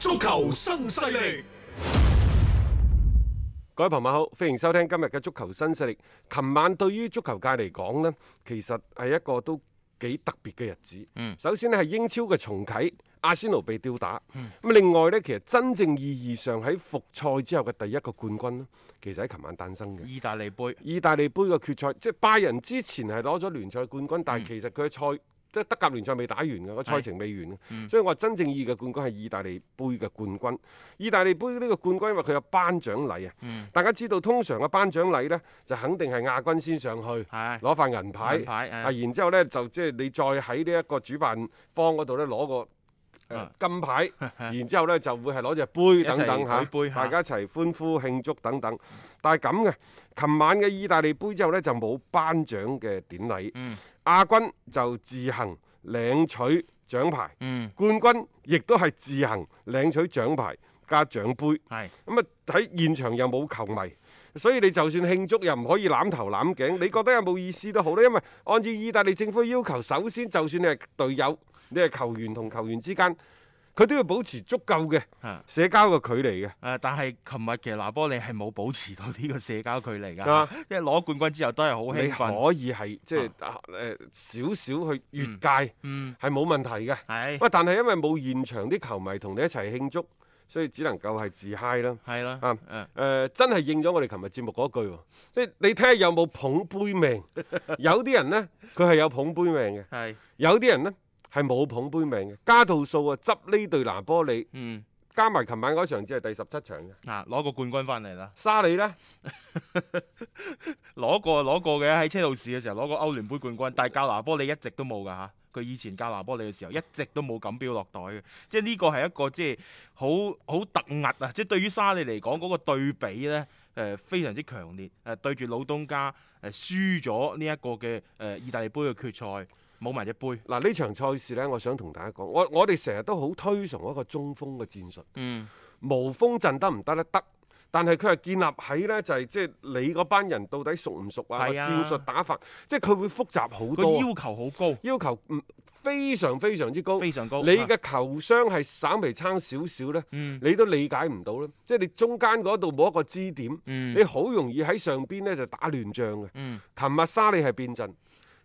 足球新勢力，各位朋友好，歡迎收聽今日嘅足球新勢力。琴晚對於足球界嚟講呢，其實係一個都幾特別嘅日子。嗯、首先呢，係英超嘅重啟，阿仙奴被吊打。咁、嗯、另外呢，其實真正意義上喺復賽之後嘅第一個冠軍，其實係琴晚誕生嘅。意大利杯，意大利杯嘅決賽，即係拜仁之前係攞咗聯賽冠軍，嗯、但係其實佢嘅賽即係德甲聯賽未打完嘅，個賽程未完、嗯、所以我話真正意義嘅冠軍係意大利杯嘅冠軍。意大利杯呢個冠軍，因為佢有頒獎禮啊，嗯、大家知道通常嘅頒獎禮呢，就肯定係亞軍先上去攞塊銀牌，啊，然之後呢，就即係、就是、你再喺呢一個主辦方嗰度咧攞個、呃、金牌，然之後呢，就會係攞隻杯等等嚇， 大家一齊歡呼慶祝等等。但係咁嘅，琴晚嘅意大利杯之後呢，就冇頒獎嘅典禮。嗯亞軍就自行領取獎牌，嗯、冠軍亦都係自行領取獎牌加獎杯。係咁啊！喺現場又冇球迷，所以你就算慶祝又唔可以攬頭攬頸，你覺得有冇意思都好啦。因為按照意大利政府要求，首先就算你係隊友，你係球員同球員之間。佢都要保持足夠嘅社交嘅距離嘅，啊但係琴日其實拿波利係冇保持到呢個社交距離嘅，即係攞冠軍之後都係好興奮。你可以係即係誒少少去越界，係冇問題嘅。係，不過但係因為冇現場啲球迷同你一齊慶祝，所以只能夠係自嗨啦。係啦，啊真係應咗我哋琴日節目嗰句喎，即係你睇下有冇捧杯命？有啲人呢，佢係有捧杯命嘅，係有啲人呢。係冇捧杯命嘅，加套數啊，執呢隊拿波利，嗯，加埋琴晚嗰場只係第十七場嘅，嗱、啊，攞個冠軍翻嚟啦。沙利呢？攞 過攞過嘅，喺車路士嘅時候攞過歐聯杯冠軍，但係教拿波利一直都冇噶嚇，佢、啊、以前教拿波利嘅時候一直都冇錦標落袋嘅，即係呢個係一個即係好好突兀啊！即係對於沙利嚟講嗰個對比呢，誒、呃、非常之強烈，誒、呃、對住老東家誒、呃、輸咗呢一個嘅誒、呃、意大利杯嘅決賽。冇埋一杯嗱，呢場賽事呢，我想同大家講，我我哋成日都好推崇一個中鋒嘅戰術。嗯，無鋒陣得唔得咧？得，但係佢係建立喺呢，就係即係你嗰班人到底熟唔熟啊？戰術、啊、打法，即係佢會複雜好多、啊，要求好高，要求非常非常之高。高。你嘅球商係稍微差少少呢，嗯、你都理解唔到咧。即係你中間嗰度冇一個支點，嗯、你好容易喺上邊呢就打亂仗嘅。琴、嗯、日沙利係變陣。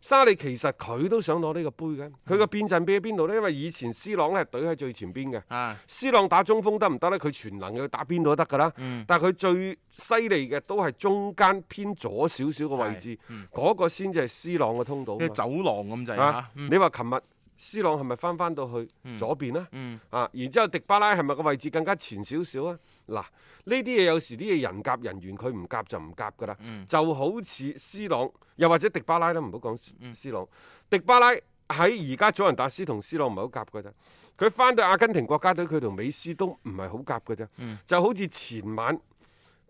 沙利其實佢都想攞呢個杯嘅，佢個、嗯、變陣變喺邊度呢？因為以前 C 朗咧係隊喺最前邊嘅，C、啊、朗打中鋒得唔得呢？佢全能嘅，佢打邊度都得噶啦。嗯、但係佢最犀利嘅都係中間偏左少少嘅位置，嗰、嗯、個先至係 C 朗嘅通道，即係走廊咁滯嚇。你話琴日 C 朗係咪翻翻到去左邊呢？嗯嗯、啊，然之後迪巴拉係咪個位置更加前少少啊？嗱，呢啲嘢有時啲嘢人夾人緣，佢唔夾就唔夾噶啦。嗯、就好似 C 朗，又或者迪巴拉都唔好講 C 朗，嗯、迪巴拉喺而家祖雲達斯同 C 朗唔係好夾噶啫。佢翻到阿根廷國家隊，佢同美斯都唔係好夾噶啫。嗯、就好似前晚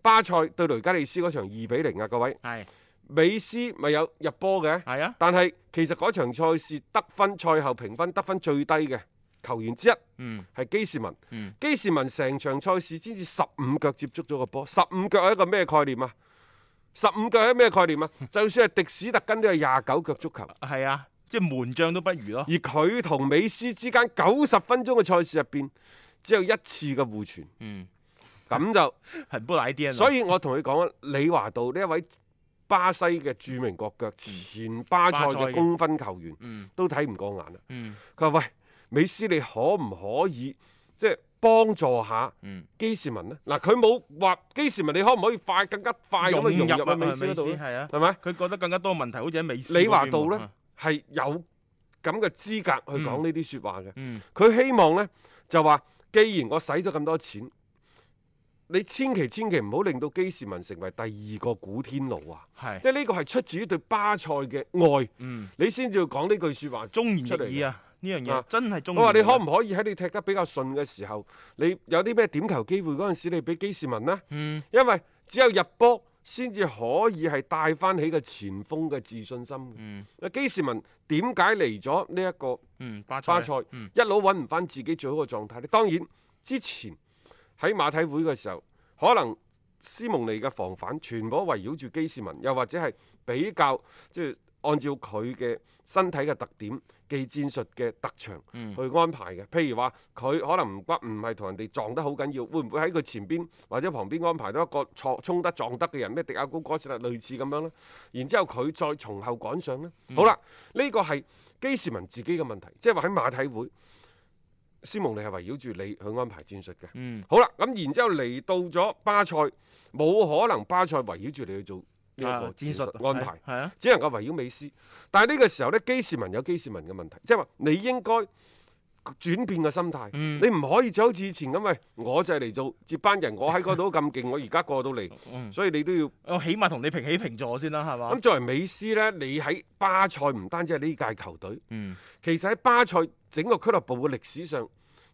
巴塞對雷加利斯嗰場二比零啊，各位。係是。美斯咪有入波嘅。係啊。但係其實嗰場賽事得分，賽後評分得分最低嘅。球員之一係、嗯、基士文，基士文成場賽事先至十五腳接觸咗個波，十五腳係一個咩概念啊？十五腳係咩概念啊？ 就算係迪史特根都係廿九腳足球，係 啊，即係門將都不如咯。而佢同美斯之間九十分鐘嘅賽事入邊，只有一次嘅互傳，咁、嗯、就 很不賴啲所以我同佢講，李華道呢一位巴西嘅著名國腳、前巴塞嘅功勳球員，都睇唔過眼啦。佢話、嗯嗯嗯：喂！美斯，你可唔可以即係幫助下基士文？咧？嗱，佢冇話基士文，你可唔可以快更加快咁樣融入啊？美美斯係啊，係咪？佢覺得更加多問題，好似喺美斯。李華道咧係有咁嘅資格去講呢啲説話嘅？佢希望咧就話，既然我使咗咁多錢，你千祈千祈唔好令到基士文成為第二個古天奴啊！係，即係呢個係出自於對巴塞嘅愛，你先至講呢句説話，忠言出嚟。啊！呢樣嘢、嗯、真係中我話，你可唔可以喺你踢得比較順嘅時候，你有啲咩點球機會嗰陣時，你俾基士文咧？嗯、因為只有入波先至可以係帶翻起個前鋒嘅自信心。嗯、基士文點解嚟咗呢一個花嗯花？嗯，巴塞，一路揾唔翻自己最好嘅狀態咧。當然之前喺馬體會嘅時候，可能斯蒙尼嘅防反全部圍繞住基士文，又或者係比較即係。就是按照佢嘅身體嘅特點，技戰術嘅特長、嗯、去安排嘅，譬如話佢可能唔屈唔係同人哋撞得好緊要，會唔會喺佢前邊或者旁邊安排到一個衝衝得撞得嘅人咩？迪亞高哥似啦，類似咁樣啦。然之後佢再從後趕上咧。嗯、好啦，呢、這個係基士文自己嘅問題，即係話喺馬體會，斯蒙尼係圍繞住你去安排戰術嘅。嗯、好啦，咁然之後嚟到咗巴塞，冇可能巴塞圍繞住你去做。一個術、啊、戰術安排，啊、只能夠圍繞美斯。啊、但係呢個時候咧，基士文有基士文嘅問題，即係話你應該轉變個心態，嗯、你唔可以就好似以前咁，喂，我就係嚟做接班人，我喺嗰度咁勁， 我而家過到嚟，嗯、所以你都要，我起碼同你平起平坐先啦，係嘛？咁、嗯、作為美斯咧，你喺巴塞唔單止係呢屆球隊，嗯、其實喺巴塞整個俱樂部嘅歷史上。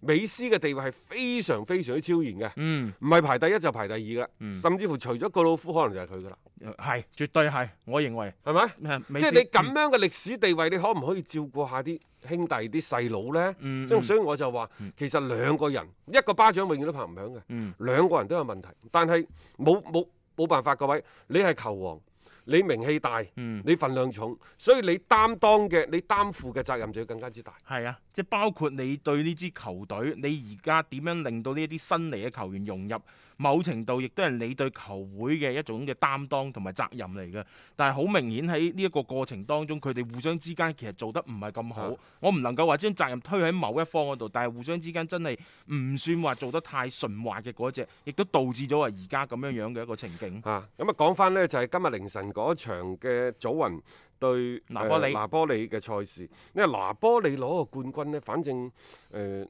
美斯嘅地位係非常非常之超然嘅，嗯，唔係排第一就排第二噶，嗯，甚至乎除咗告魯夫可能就係佢噶啦，係、嗯，絕對係，我認為，係咪吧？斯即係你咁樣嘅歷史地位，你可唔可以照顧下啲兄弟啲細佬呢？嗯，嗯，所以我就話，其實兩個人、嗯、一個巴掌永遠都拍唔響嘅，嗯，兩個人都有問題，但係冇冇冇辦法，各位，你係球王。你名氣大，你份量重，所以你擔當嘅、你擔負嘅責任就要更加之大。係啊，即係包括你對呢支球隊，你而家點樣令到呢一啲新嚟嘅球員融入？某程度亦都係你對球會嘅一種嘅擔當同埋責任嚟嘅，但係好明顯喺呢一個過程當中，佢哋互相之間其實做得唔係咁好。啊、我唔能夠話將責任推喺某一方嗰度，但係互相之間真係唔算話做得太順滑嘅嗰隻，亦都導致咗啊而家咁樣樣嘅一個情景。嚇、啊，咁啊講翻呢，就係、是、今日凌晨嗰場嘅祖雲對拿波里、呃、拿波里嘅賽事，因為拿波里攞個冠軍呢，反正誒。呃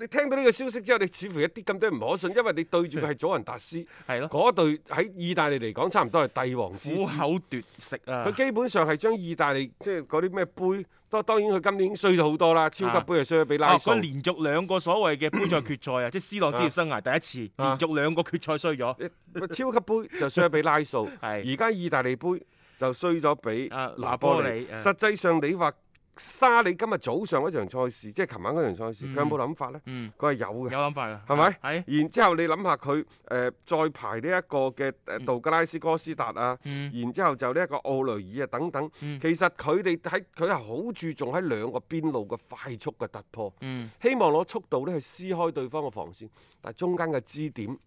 你聽到呢個消息之後，你似乎一啲咁多唔可信，因為你對住佢係祖雲達斯，係咯，嗰隊喺意大利嚟講，差唔多係帝王虎口奪食啊！佢基本上係將意大利即係嗰啲咩杯，當當然佢今年已經衰咗好多啦，超級杯就衰咗俾拉。嗰、啊啊、連續兩個所謂嘅杯賽決賽啊，咳咳即係 C 朗職業生涯第一次連續兩個決賽衰咗，啊、超級杯就衰咗俾拉素，而家 是的 意大利杯就衰咗俾拿波里。實際上你話，沙利今日早上嗰場賽事，即係琴晚嗰場賽事，佢有冇諗法呢？佢係有嘅。有諗法啊？係咪？然之後你諗下佢誒再排呢一個嘅道格拉斯哥斯達啊，然之後就呢一個奧雷爾啊等等。其實佢哋喺佢係好注重喺兩個邊路嘅快速嘅突破。希望攞速度咧去撕開對方嘅防線，但係中間嘅支點。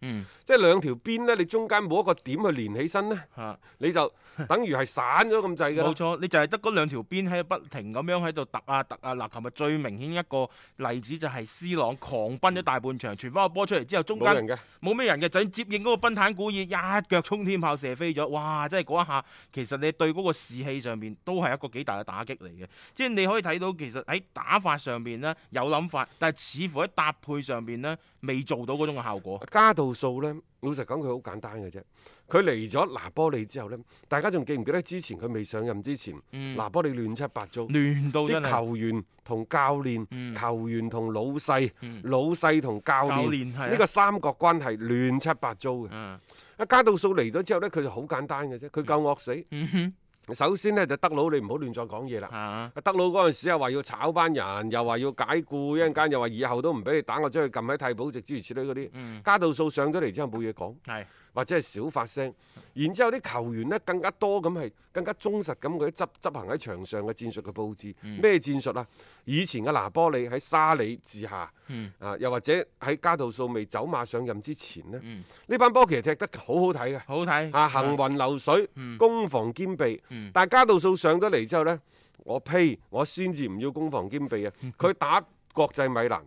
即係兩條邊呢，你中間冇一個點去連起身呢，你就等於係散咗咁滯㗎。冇錯，你就係得嗰兩條邊喺不停咁樣。喺度揼啊揼啊！嗱，琴日最明顯一個例子就係 C 朗狂奔咗大半場，嗯、傳翻個波出嚟之後，中間冇咩人嘅，就接應嗰個奔坦古爾一腳衝天炮射飛咗，哇！真係嗰一下，其實你對嗰個士氣上面都係一個幾大嘅打擊嚟嘅。即係你可以睇到，其實喺打法上面呢，有諗法，但係似乎喺搭配上面呢。未做到嗰種嘅效果。加度素呢，老實講佢好簡單嘅啫。佢嚟咗拿波利之後呢，大家仲記唔記得之前佢未上任之前，嗯、拿波利亂七八糟，亂到啲球員同教練、嗯、球員同老細、嗯、老細同教練呢、啊、個三角關係亂七八糟嘅。嗯、加度素嚟咗之後呢，佢就好簡單嘅啫，佢夠惡死。嗯首先呢，就德佬，你唔好亂再講嘢啦。啊，德佬嗰陣時又話要炒班人，又話要解雇，一陣間又話以後都唔俾你打，我將佢撳喺替補席諸如此類嗰啲。嗯，加道數上咗嚟之後冇嘢講。係。或者係少發聲，然之後啲球員咧更加多咁係更加忠實咁，佢執執行喺場上嘅戰術嘅佈置。咩戰術啊？以前嘅拿波里喺沙里治下，啊又或者喺加道素未走馬上任之前呢，呢班波其實踢得好好睇嘅，好睇啊行雲流水，攻防兼備。但係加道素上咗嚟之後呢，我呸，我先至唔要攻防兼備啊！佢打國際米蘭，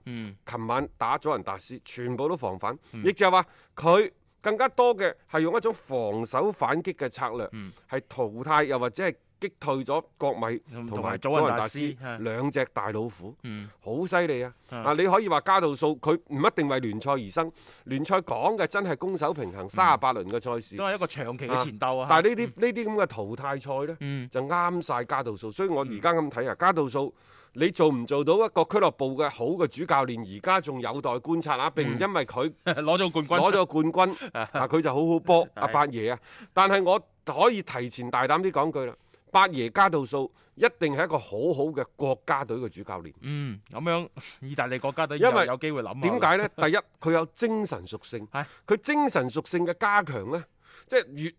琴晚打祖雲達斯，全部都防反，亦就係話佢。更加多嘅係用一種防守反擊嘅策略，係、嗯、淘汰又或者係擊退咗國米同埋祖雲達斯兩隻大老虎，好犀利啊！啊、嗯，你可以話加度素佢唔一定為聯賽而生，聯賽講嘅真係攻守平衡，三十八輪嘅賽事、嗯、都係一個長期嘅前鬥啊！嗯、但係呢啲呢啲咁嘅淘汰賽呢，就啱晒加度素，所以我而家咁睇啊，嗯、加度素。你做唔做到一個俱樂部嘅好嘅主教練，而家仲有待觀察啊！並唔因為佢攞咗冠軍，攞咗冠軍，嗱佢 就好好波。阿八爺啊，但係我可以提前大膽啲講句啦，八爺加道數一定係一個好好嘅國家隊嘅主教練。嗯，咁樣，意大利國家隊因為有機會諗。點解呢？第一，佢有精神屬性，佢 精神屬性嘅加強呢。即係越。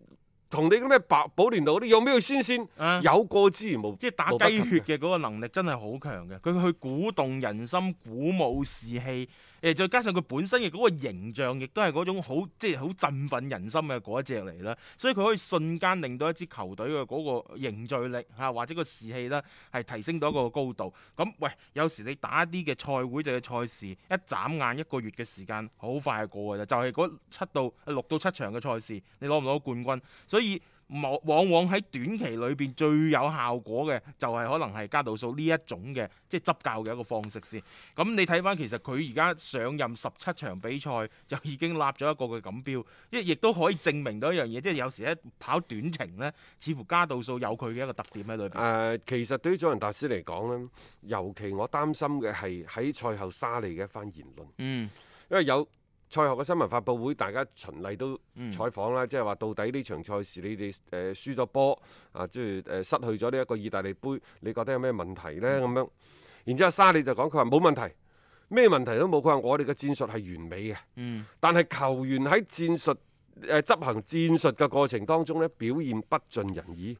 同你咩白寶蓮道嗰啲有咩嘅先有過之而無，即係打雞血嘅嗰個能力真係好強嘅。佢去鼓動人心、鼓舞士氣，誒、呃，再加上佢本身嘅嗰個形象，亦都係嗰種好，即係好振奮人心嘅嗰一隻嚟啦。所以佢可以瞬間令到一支球隊嘅嗰個凝聚力嚇，或者個士氣咧，係提升到一個高度。咁喂，有時你打一啲嘅賽會，就嘅、是、賽事，一眨眼一個月嘅時間好快過嘅就係、是、嗰七到六到七場嘅賽事，你攞唔攞冠軍？所以往往往喺短期裏邊最有效果嘅，就係可能係加度素呢一種嘅，即係執教嘅一個方式先。咁你睇翻其實佢而家上任十七場比賽就已經立咗一個嘅錦標，即亦都可以證明到一樣嘢，即係有時咧跑短程呢，似乎加度素有佢嘅一個特點喺裏邊。誒、呃，其實對於祖雲達斯嚟講呢，尤其我擔心嘅係喺賽後沙利嘅一番言論。嗯，因為有。賽後嘅新聞發佈會，大家循例都採訪啦，即係話到底呢場賽事你哋誒輸咗波啊，即係誒失去咗呢一個意大利杯，你覺得有咩問題咧？咁樣，然之後沙利就講，佢話冇問題，咩問題都冇。佢話我哋嘅戰術係完美嘅，嗯，但係球員喺戰術誒執行戰術嘅過程當中咧，表現不盡人意，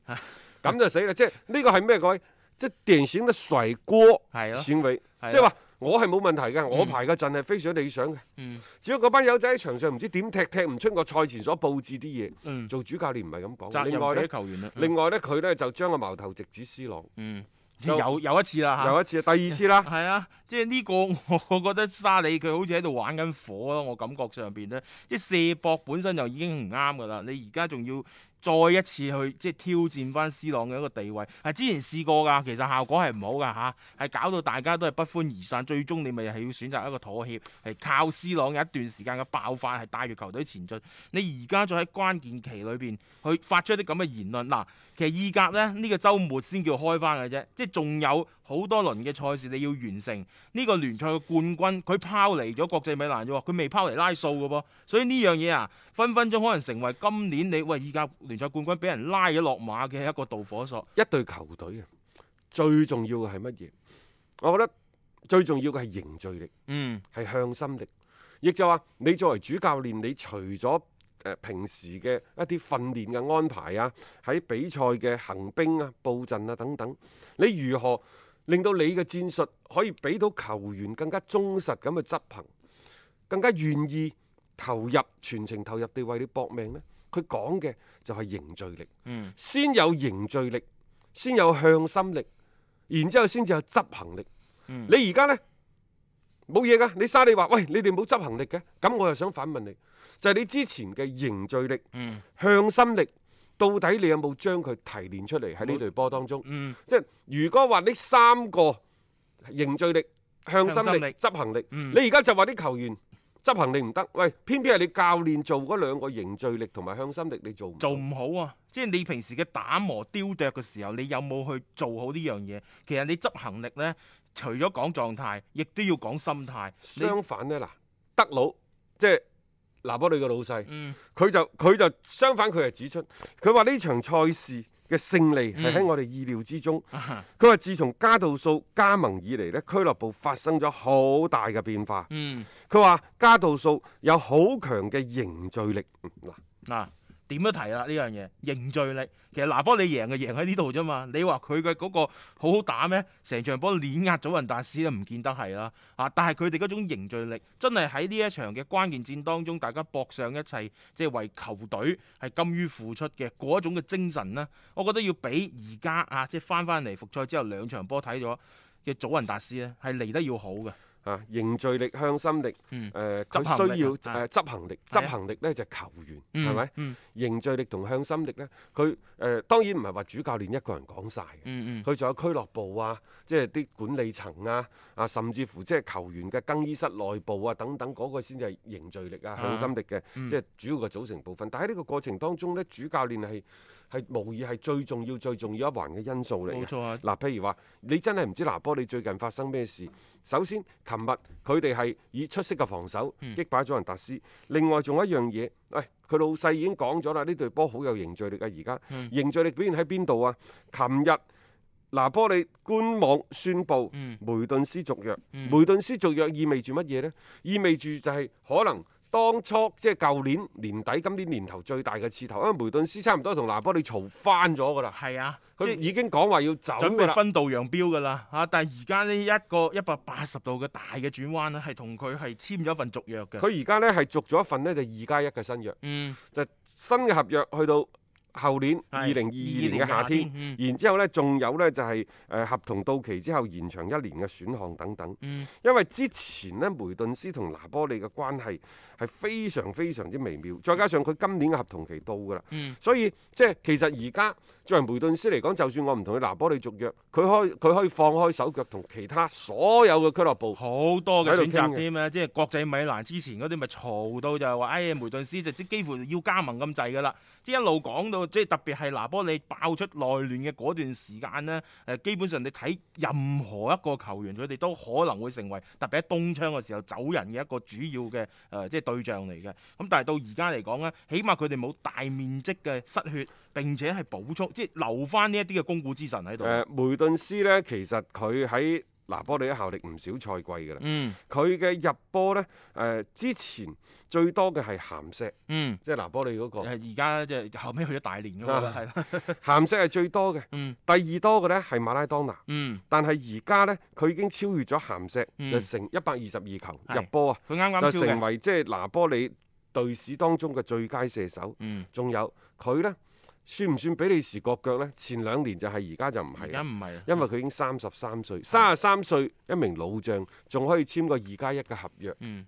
咁就死啦！即係呢個係咩？各位，即係典型嘅甩鍋行為，對吧？對對對我係冇問題嘅，嗯、我排嘅陣係非常理想嘅。嗯，只要嗰班友仔喺場上唔知點踢，踢，踢唔出個賽前所佈置啲嘢。嗯，做主教練唔係咁講。責任 另外啲球員啦。嗯、另外咧，佢咧就將個矛頭直指 C 朗。嗯，又又就一次啦嚇。又一次，啊、第二次啦。係、嗯、啊，即係呢個我覺得沙里佢好似喺度玩緊火咯，我感覺上邊咧，即係射博本身就已經唔啱噶啦，你而家仲要。再一次去即係挑戰翻 C 朗嘅一個地位，係之前試過㗎，其實效果係唔好㗎嚇，係、啊、搞到大家都係不歡而散，最終你咪係要選擇一個妥協，係靠 C 朗有一段時間嘅爆發係帶住球隊前進。你而家再喺關鍵期裏邊去發出一啲咁嘅言論，嗱，其實意甲咧呢、呢個週末先叫開翻嘅啫，即係仲有。好多輪嘅賽事你要完成呢、呢個聯賽嘅冠軍，佢拋離咗國際米蘭啫喎，佢未拋離拉素嘅噃，所以呢樣嘢啊，分分鐘可能成為今年你喂依家聯賽冠軍俾人拉咗落馬嘅一個導火索。一隊球隊啊，最重要嘅係乜嘢？我覺得最重要嘅係凝聚力，嗯，係向心力。亦就話你作為主教練，你除咗誒、呃、平時嘅一啲訓練嘅安排啊，喺比賽嘅行兵啊、佈陣啊等等，你如何？令到你嘅戰術可以俾到球員更加忠實咁去執行，更加願意投入全程投入地為你搏命呢，佢講嘅就係凝聚力，嗯、先有凝聚力，先有向心力，然之後先至有執行力。嗯、你而家呢冇嘢噶，你沙利話喂，你哋冇執行力嘅，咁我又想反問你，就係、是、你之前嘅凝聚力，嗯、向心力。到底你有冇將佢提煉出嚟喺呢隊波當中？嗯、即係如果話呢三個凝聚力、向心力、執行力，嗯、你而家就話啲球員執行力唔得，喂，偏偏係你教練做嗰兩個凝聚力同埋向心力，你做做唔好啊！即係你平時嘅打磨雕琢嘅時候，你有冇去做好呢樣嘢？其實你執行力呢，除咗講狀態，亦都要講心態。相反呢，嗱，德佬即係。拿波里個老細，佢、嗯、就佢就相反，佢係指出，佢話呢場賽事嘅勝利係喺我哋意料之中。佢話、嗯，自從加道素加盟以嚟呢俱樂部發生咗好大嘅變化。佢話、嗯，加道素有好強嘅凝聚力。嗱、嗯、嗱。啊點都提啦呢樣嘢，凝聚力其實拿波利贏就贏喺呢度啫嘛。你話佢嘅嗰個好好打咩？成場波碾壓祖雲達斯都唔見得係啦啊！但係佢哋嗰種凝聚力真係喺呢一場嘅關鍵戰當中，大家搏上一切，即係為球隊係甘於付出嘅嗰種嘅精神咧，我覺得要比而家啊，即係翻翻嚟復賽之後兩場波睇咗嘅祖雲達斯咧，係嚟得要好嘅。啊、凝聚力向心力，誒就需要誒執行力，執行力呢，就係、是、球員，係咪？凝聚力同向心力呢，佢誒、呃、當然唔係話主教練一個人講晒，佢仲、嗯嗯、有俱樂部啊，即係啲管理層啊，啊甚至乎即係球員嘅更衣室內部啊等等嗰、那個先至係凝聚力啊向心力嘅、嗯，即係主要嘅組成部分。但喺呢個過程當中呢，主教練係。係無疑係最重要、最重要一環嘅因素嚟。嘅、冇錯啊。嗱、啊，譬如話，你真係唔知拿波利最近發生咩事？首先，琴日佢哋係以出色嘅防守、嗯、擊敗咗祖雲達斯。另外，仲有一樣嘢，喂、哎，佢老細已經講咗啦，呢隊波好有凝聚力啊！而家、嗯、凝聚力表現喺邊度啊？琴日拿波利官網宣布梅頓斯續約。嗯嗯、梅頓斯續約意味住乜嘢呢？意味住就係可能。當初即係舊年年底，今年年頭最大嘅刺頭，因為梅頓斯差唔多同拿波利嘈翻咗噶啦，係啊，佢即係已經講話要走嘅啦，準備分道揚鑣噶啦嚇，但係而家呢一個一百八十度嘅大嘅轉彎咧，係同佢係簽咗一份續約嘅，佢而家咧係續咗一份咧就二加一嘅新約，嗯，就新嘅合約去到，後年二零二二年嘅夏天，然之後咧仲有咧就係、是、誒、呃、合同到期之後延長一年嘅選項等等。嗯、因為之前咧梅頓斯同拿波利嘅關係係非常非常之微妙，再加上佢今年嘅合同期到噶啦，嗯、所以即係其實而家作為梅頓斯嚟講，就算我唔同佢拿波利續約，佢開佢可以放開手腳同其他所有嘅俱樂部好多嘅選擇添啊！即係國際米蘭之前嗰啲咪嘈到就係話，哎呀梅頓斯就即幾乎要加盟咁滯噶啦，即係一路講到。即係特別係拿波利爆出內亂嘅嗰段時間咧，誒基本上你睇任何一個球員，佢哋都可能會成為特別喺冬窗嘅時候走人嘅一個主要嘅誒、呃，即係對象嚟嘅。咁但係到而家嚟講咧，起碼佢哋冇大面積嘅失血，並且係補充，即係留返呢一啲嘅攻鼓之神喺度。誒、呃，梅頓斯咧，其實佢喺。拿波利度效力唔少賽季噶啦，佢嘅入波咧，誒之前最多嘅係鹹錫，即係拿波利嗰個。而家即係後尾去咗大連咗喎，係啦。鹹錫係最多嘅，第二多嘅咧係馬拉當拿，但係而家咧佢已經超越咗鹹錫，就成一百二十二球入波啊！佢啱啱就成為即係拿波利隊史當中嘅最佳射手。嗯，仲有佢咧。算唔算比利時國腳呢？前兩年就係、是，而家就唔係。而家唔係，因為佢已經三十三歲，三十三歲，一名老將仲可以簽個二加一嘅合約。嗯。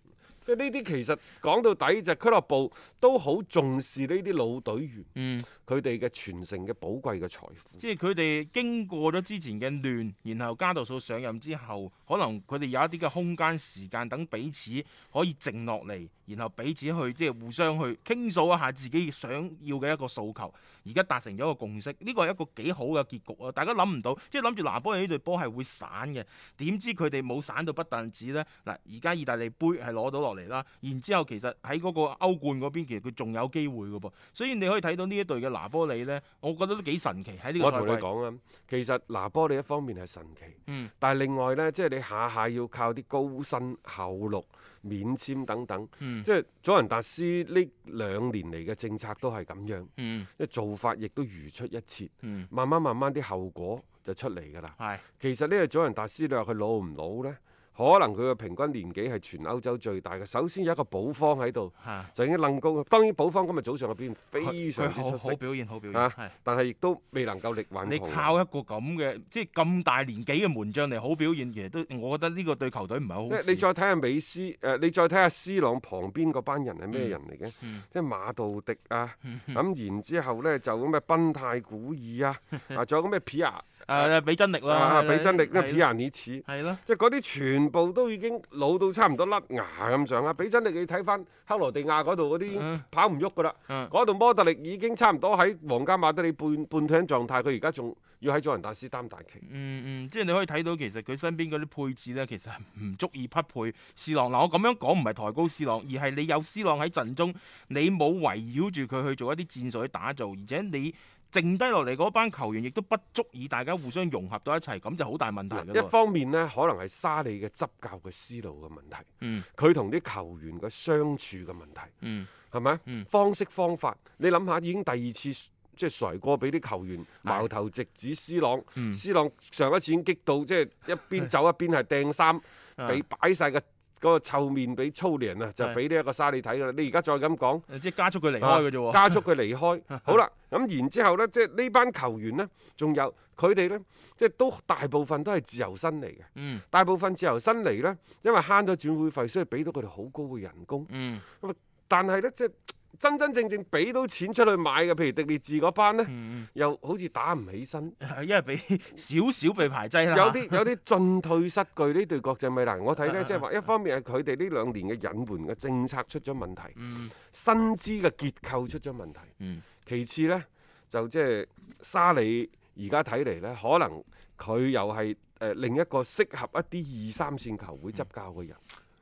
即呢啲其實講到底就俱樂部都好重視呢啲老隊員，嗯，佢哋嘅傳承嘅寶貴嘅財富。即係佢哋經過咗之前嘅亂，然後加度素上任之後，可能佢哋有一啲嘅空間時間等彼此可以靜落嚟，然後彼此去即係互相去傾訴一下自己想要嘅一個訴求。而家達成咗一個共識，呢個係一個幾好嘅結局啊！大家諗唔到，即係諗住拿波人呢隊波係會散嘅，點知佢哋冇散到不但止呢？嗱，而家意大利杯係攞到落嚟啦，然之後其實喺嗰個歐冠嗰邊，其實佢仲有機會嘅噃，所以你可以睇到呢一隊嘅拿波利呢，我覺得都幾神奇喺呢個。我同佢講啊，其實拿波利一方面係神奇，嗯、但係另外呢，即係你下下要靠啲高薪厚祿、免簽等等，嗯、即係祖雲達斯呢兩年嚟嘅政策都係咁樣，即、嗯、做法亦都如出一轍，嗯、慢慢慢慢啲後果就出嚟㗎啦，的其實呢個祖雲達斯你話佢老唔老呢？可能佢嘅平均年紀係全歐洲最大嘅。首先有一個補方喺度，啊、就已經擸高。當然補方今日早上嘅表現非常好，好表現，好表現。嚇，啊、的但係亦都未能夠力挽。你靠一個咁嘅，即係咁大年紀嘅門將嚟好表現，其實都我覺得呢個對球隊唔係好。即係你再睇下美斯誒、呃，你再睇下斯朗旁邊嗰班人係咩人嚟嘅？嗯嗯、即係馬道迪啊，咁然之後咧就咁嘅賓泰古爾啊，啊仲有個咩皮亞？誒，比、啊、真力啦，比、啊、的真力，跟皮亞尼茨，係咯，即係嗰啲全部都已經老到差唔多甩牙咁上啦。比真力，你睇翻克羅地亞嗰度嗰啲跑唔喐噶啦，嗰度摩特力已經差唔多喺皇家馬德里半半艇狀態，佢而家仲要喺祖雲達斯擔大旗，嗯嗯，即係你可以睇到其實佢身邊嗰啲配置咧，其實係唔足以匹配 C 朗。嗱，我咁樣講唔係抬高 C 朗，而係你有 C 朗喺陣中，你冇圍繞住佢去做一啲戰術去打造，而且你。剩低落嚟嗰班球員亦都不足以大家互相融合到一齊，咁就好大問題。一方面呢，可能係沙利嘅執教嘅思路嘅問題，佢同啲球員嘅相處嘅問題，係咪、嗯，方式方法，你諗下，已經第二次即係甩過俾啲球員矛頭直指 C 朗，C、嗯、朗上一次已經激到即係一邊走一邊係掟衫，被擺晒個。個臭面俾粗練啊，就俾呢一個沙利睇噶啦！你而家再咁講，即係加速佢離開嘅啫喎，加速佢離開。 好啦，咁然之後咧，即係呢班球員咧，仲有佢哋咧，即係都大部分都係自由身嚟嘅。嗯，大部分自由身嚟咧，因為慳咗轉會費，所以俾到佢哋好高嘅人工。嗯，咁啊，但係咧，即係。真真正正俾到錢出去買嘅，譬如迪列治嗰班呢，嗯、又好似打唔起身，因為俾少少被排擠啦。有啲有啲進退失據呢對國際米蘭，啊、我睇呢，即係話，一方面係佢哋呢兩年嘅隱瞞嘅政策出咗問題，薪、嗯、資嘅結構出咗問題。嗯、其次呢，就即係沙里而家睇嚟呢，可能佢又係誒另一個適合一啲二三線球會執教嘅人，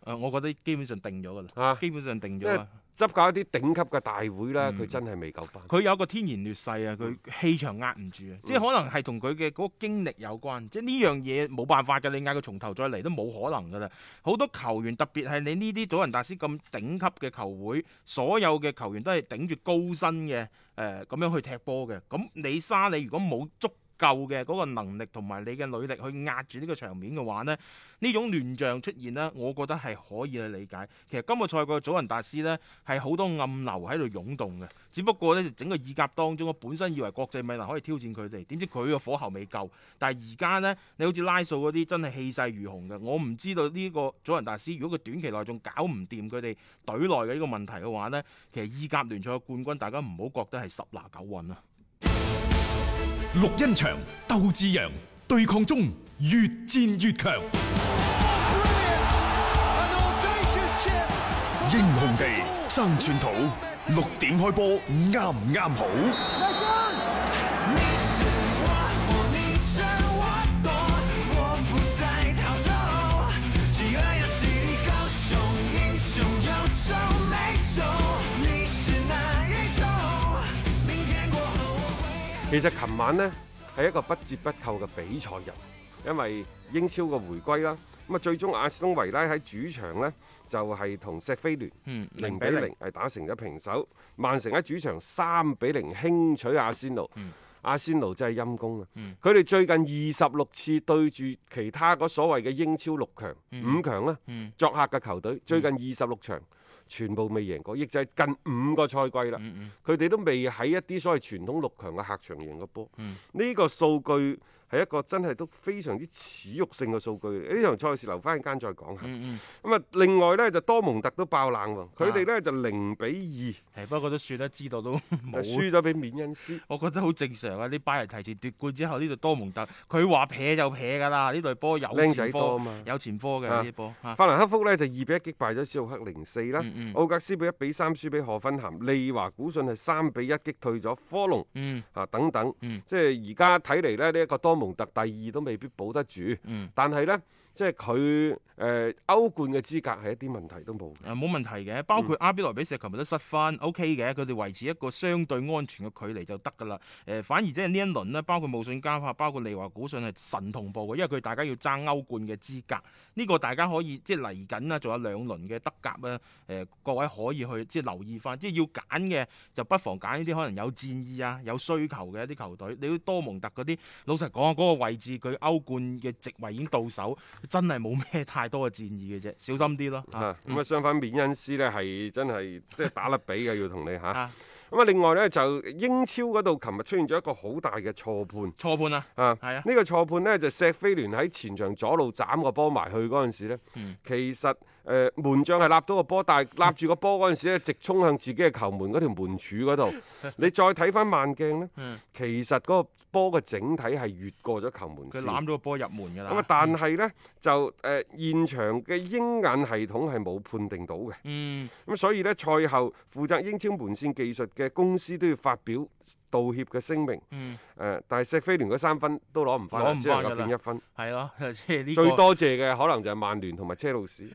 嗯嗯。我覺得基本上定咗噶啦，基本上定咗。啊呃呃執教一啲頂級嘅大會啦，佢、嗯、真係未夠班。佢有個天然劣勢啊，佢氣場壓唔住啊，嗯、即係可能係同佢嘅嗰個經歷有關。嗯、即係呢樣嘢冇辦法嘅，你嗌佢從頭再嚟都冇可能㗎啦。好多球員特別係你呢啲祖雲達斯咁頂級嘅球會，所有嘅球員都係頂住高薪嘅誒咁樣去踢波嘅。咁你沙里如果冇足夠嘅嗰個能力同埋你嘅履歷去壓住呢個場面嘅話咧，呢種亂象出現呢，我覺得係可以去理解。其實今個賽季嘅祖雲達斯呢係好多暗流喺度湧動嘅，只不過呢，整個意甲當中，我本身以為國際米蘭可以挑戰佢哋，點知佢個火候未夠。但係而家呢，你好似拉素嗰啲真係氣勢如虹嘅，我唔知道呢個祖雲達斯如果佢短期內仲搞唔掂佢哋隊內嘅呢個問題嘅話呢，其實意甲聯賽嘅冠軍，大家唔好覺得係十拿九穩啊！綠茵場、鬥志揚，對抗中越戰越強，英雄地爭寸土，六點開波。啱唔啱好？其實琴晚呢，係一個不折不扣嘅比賽日，因為英超嘅回歸啦。咁啊，最終阿斯東維拉喺主場呢，就係、是、同石飛聯、嗯、零比零係打成咗平手。曼城喺主場三比零輕取阿仙奴。嗯、阿仙奴真係陰功啊。佢哋、嗯、最近二十六次對住其他嗰所謂嘅英超六強、嗯、五強呢，嗯嗯、作客嘅球隊最近二十六場。全部未贏過，亦就係近五個賽季啦。佢哋、嗯嗯、都未喺一啲所謂傳統六強嘅客場贏過波。呢、嗯、個數據。係一個真係都非常之恥辱性嘅數據。呢場賽事留翻間再講下。咁啊，另外呢，就多蒙特都爆冷喎。佢哋呢，就零比二。誒不過都算啦，知道都冇。輸咗俾免恩斯。我覺得好正常啊！呢拜仁提前奪冠之後，呢度多蒙特佢話撇就撇㗎啦。呢隊波有僆仔多啊嘛，有前科嘅呢啲波。法蘭克福呢，就二比一擊敗咗斯克零四啦。奧格斯堡一比三輸俾荷芬咸。利華古信係三比一擊退咗科隆。啊等等。即係而家睇嚟呢，呢一個多蒙特第二都未必保得住，嗯、但係咧。即係佢誒歐冠嘅資格係一啲問題都冇嘅，冇、啊、問題嘅，包括阿比萊比錫琴日都失分、嗯、，OK 嘅，佢哋維持一個相對安全嘅距離就得㗎啦。誒、呃、反而即係呢一輪咧，包括慕遜加柏，包括利華古遜係神同步嘅，因為佢哋大家要爭歐冠嘅資格，呢、這個大家可以即係嚟緊啦，仲有兩輪嘅德甲啊，誒、呃、各位可以去即係留意返，即係要揀嘅就不妨揀呢啲可能有戰意啊、有需求嘅一啲球隊。你要多蒙特嗰啲，老實講嗰、那個位置佢歐冠嘅席位已經到手。真係冇咩太多嘅戰意嘅啫，小心啲咯嚇。咁啊，啊啊，相反，免恩、嗯、師咧係真係即係打勒比嘅， 要同你嚇。啊啊咁啊，另外咧就英超嗰度，琴日出現咗一個好大嘅錯判。錯判啊！啊，係啊，呢個錯判咧就錫菲聯喺前場左路斬個波埋去嗰陣時咧，其實誒門將係立到個波，但係立住個波嗰陣時咧，直衝向自己嘅球門嗰條門柱嗰度。你再睇返慢鏡呢，其實嗰個波嘅整體係越過咗球門線。佢攬咗個波入門㗎啦。咁啊，但係呢，就誒現場嘅鷹眼系統係冇判定到嘅。嗯。咁所以呢，賽後負責英超門線技術。嘅公司都要發表。道歉嘅聲明，誒，但係石飛聯嗰三分都攞唔返，只能夠變一分，係咯，即係呢，最多謝嘅可能就係曼聯同埋車路士，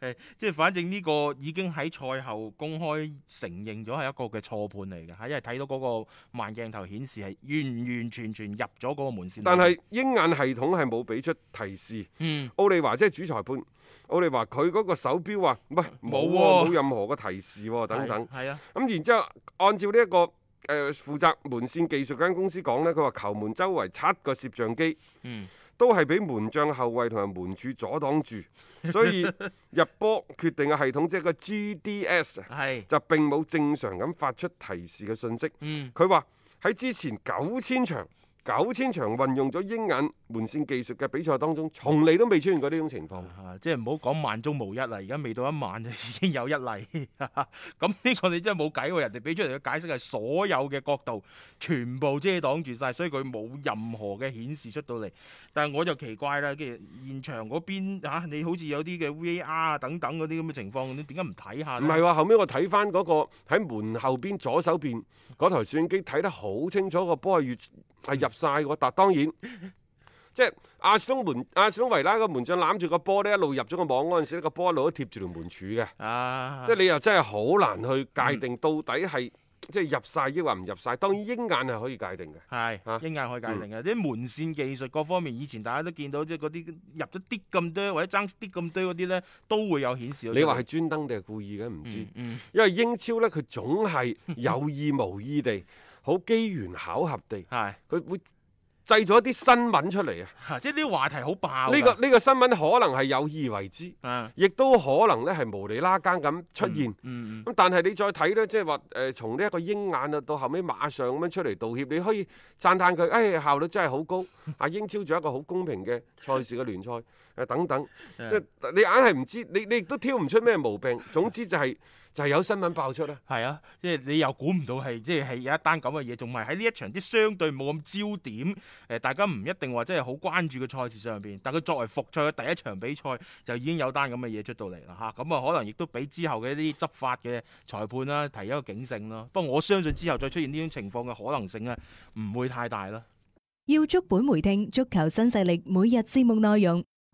誒，即係反正呢個已經喺賽後公開承認咗係一個嘅錯判嚟嘅吓，因為睇到嗰個慢鏡頭顯示係完完全全入咗嗰個門線，但係鷹眼系統係冇俾出提示，奧、mm. 利華即係主裁判，奧利華佢嗰個手表啊，唔係冇，冇任何嘅提示，等等，係啊，咁然之後按照呢、這、一個。誒、呃、負責門線技術間公司講呢，佢話球門周圍七個攝像機，嗯、都係俾門將後衛同埋門柱阻擋住，所以入波決定嘅系統即係個 GDS，就並冇正常咁發出提示嘅信息。佢話喺之前九千場。九千場運用咗鷹眼門線技術嘅比賽當中，從嚟都未出現過呢種情況。嚇、嗯啊！即係唔好講萬中無一啦，而家未到一萬，就已經有一例。咁呢個你真係冇計喎，人哋俾出嚟嘅解釋係所有嘅角度全部遮擋住晒，所以佢冇任何嘅顯示出到嚟。但係我就奇怪啦，跟住現場嗰邊、啊、你好似有啲嘅 VAR 等等嗰啲咁嘅情況，你點解唔睇下？唔係喎，後尾我睇翻嗰個喺門後邊左手邊。嗰台攝影機睇得好清楚，個波係越係入晒嘅喎，但當然即係阿松門，阿松維拉個門將攬住個波呢，一路入咗個網嗰陣時咧，個波一路都貼住條門柱嘅，即係你又真係好難去界定到底係。嗯即係入晒抑或唔入晒，當然，鷹眼係可以界定嘅。係是，啊、鷹眼可以界定嘅，嗯、啲門線技術各方面，以前大家都見到，即係嗰啲入咗啲咁多，或者爭啲咁多嗰啲咧，都會有顯示。你話係專登定係故意嘅，唔知。嗯嗯，因為英超咧，佢總係有意無意地，好 機緣巧合地，係佢會。製咗啲新聞出嚟啊！即係呢個話題好爆。呢、這個呢、啊、個新聞可能係有意為之，亦、啊、都可能咧係無理拉更咁出現。咁、嗯嗯嗯、但係你再睇呢即係話誒從呢一個鷹眼啊，到後尾馬上咁樣出嚟道歉，你可以讚歎佢，誒、哎、效率真係好高。阿 英超仲有一個好公平嘅賽事嘅聯賽。 誒等等，即係你硬係唔知，你你亦都挑唔出咩毛病。總之就係就係有新聞爆出啦。係啊，即係你又估唔到係即係係有一單咁嘅嘢，仲係喺呢一場啲相對冇咁焦點誒，大家唔一定話真係好關注嘅賽事上邊。但佢作為復賽嘅第一場比賽，就已經有單咁嘅嘢出到嚟啦嚇。咁啊、嗯，可能亦都俾之後嘅一啲執法嘅裁判啦提一個警醒咯。不過我相信之後再出現呢種情況嘅可能性啊，唔會太大啦。要足本回聽足球新勢力每日節目內容。